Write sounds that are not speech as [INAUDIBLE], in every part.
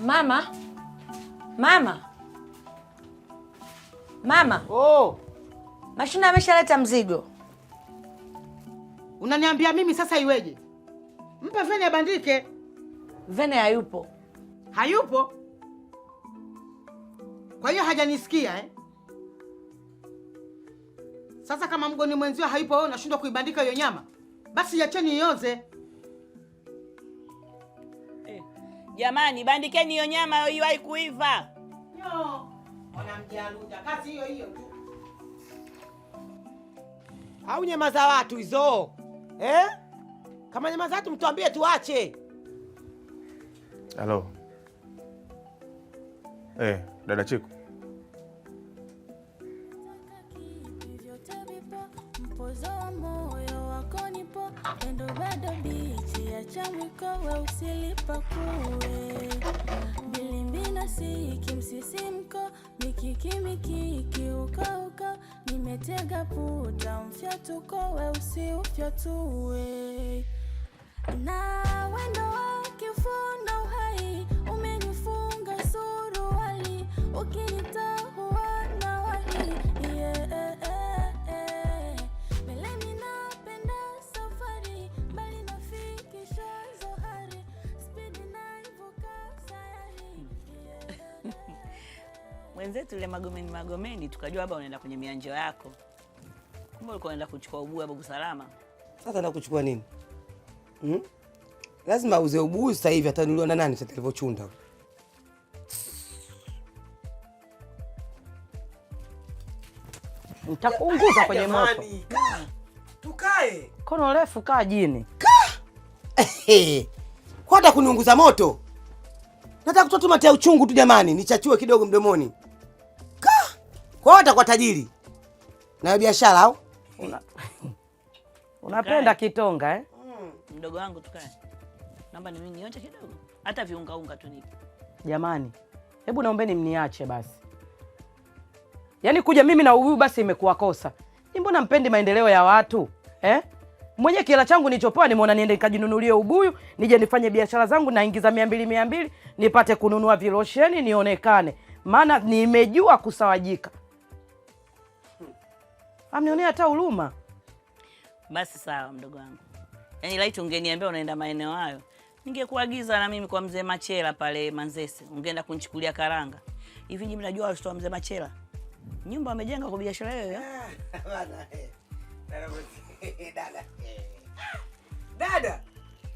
Mama, mama, mama. Oh. Mashine ameshaleta mzigo. Unaniambia mimi sasa iweje? Mpe Vene abandike. Vene hayupo. Hayupo? Kwa hiyo hajanisikia eh? Sasa kama mgoni mwenzio hayupo wewe unashindwa kuibandika hiyo nyama, basi yacheni ioze. Eh. Jamani, bandikeni hiyo nyama iwahi kuiva. No. kazi hiyo hiyo tu. Au nyama za watu hizo eh? Kama nyama za watu mtuambie tuache. Halo. Eh, dada Chiku Ulipozoa moyo wako nipo, pendo bado bichi, acha mwiko we usilipakuwe Bilimbina siki msisimko, mikiki mikiki nimetega puta mfyatuko we usiufyatue na wendo wa kifundo hai umenifunga suruali ukini wenzetu ile magomeni magomeni, tukajua hapa unaenda kwenye mianjo yako, kumbe ulikuwa unaenda kuchukua ubuyu hapo kusalama. Sasa na kuchukua nini? Hmm? Lazima auze ubuyu sasa hivi, atanuliwa na nani sasa alivyochunda? Nitakuunguza kwenye moto. Tukae. Kono refu kaa jini. [LAUGHS] Kwata kuniunguza moto. Nataka kutoa tumate ya uchungu tu jamani, nichachue kidogo mdomoni. Kwa hiyo utakuwa tajiri nayo biashara au una, [LAUGHS] unapenda kitonga eh? Mm, mdogo wangu tukae, naomba nionje kidogo, hata viunga unga tu nipe. Jamani, hebu naombeni mniache basi, yaani kuja mimi na ubuyu basi imekuwa kosa. Ni mbona mpendi maendeleo ya watu eh? Mwenye kila changu nilichopewa nimeona niende nikajinunulie ubuyu, nije nifanye biashara zangu, naingiza mia mbili mia mbili nipate kununua vilosheni nionekane, maana nimejua kusawajika amnionea hata huruma. Basi sawa, mdogo wangu, yaani laiti ungeniambia unaenda maeneo hayo, ningekuagiza na mimi kwa mzee Machela pale Manzese, ungeenda kunichukulia karanga hivi. Nyinyi mnajua watoto wa mzee Machela nyumba wamejenga kwa biashara hiyo. [LAUGHS] Eh, dada, eh, dada,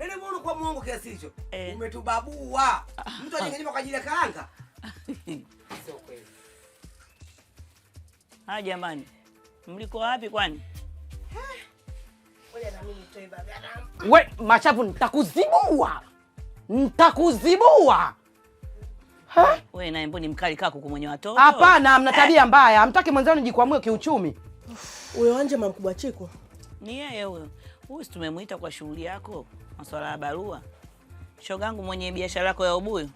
eh. mbona kwa Mungu kiasi hicho? Eh. Umetubabua. Mtu ajenge kwa ajili ya karanga. [LAUGHS] Sio kweli. Ah, jamani. Mliko wapi kwani? We machafu, nitakuzibua nitakuzibua. We naye mboni mkali kako mwenye watoto. Hapana, mna eh. tabia mbaya, hamtaki mwenzenu jikwamue kiuchumi. Huyo anje mamkubwa Chiko ni yeye huyo. Huyu tumemwita kwa shughuli yako, masuala ya barua. Shogangu mwenye biashara yako ya ubuyu,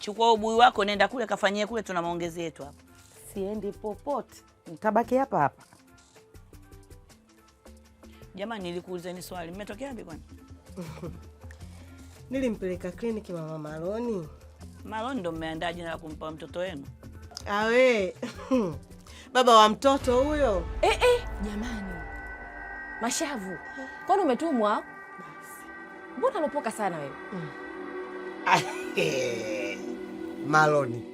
chukua ubuyu wako, nenda kule kafanyie kule, tuna maongezi yetu hapo siendi popote, nitabaki hapa hapa. Jamani, nilikuulizeni swali, mmetokea wapi kwani? [LAUGHS] Nilimpeleka kliniki mama Maroni. maloni ndo mmeandaa jina la kumpa mtoto wenu? Awe [LAUGHS] baba wa mtoto huyo. Eh, eh, jamani Mashavu, kwani umetumwa? Mbona unapoka sana wewe? Mm. [LAUGHS]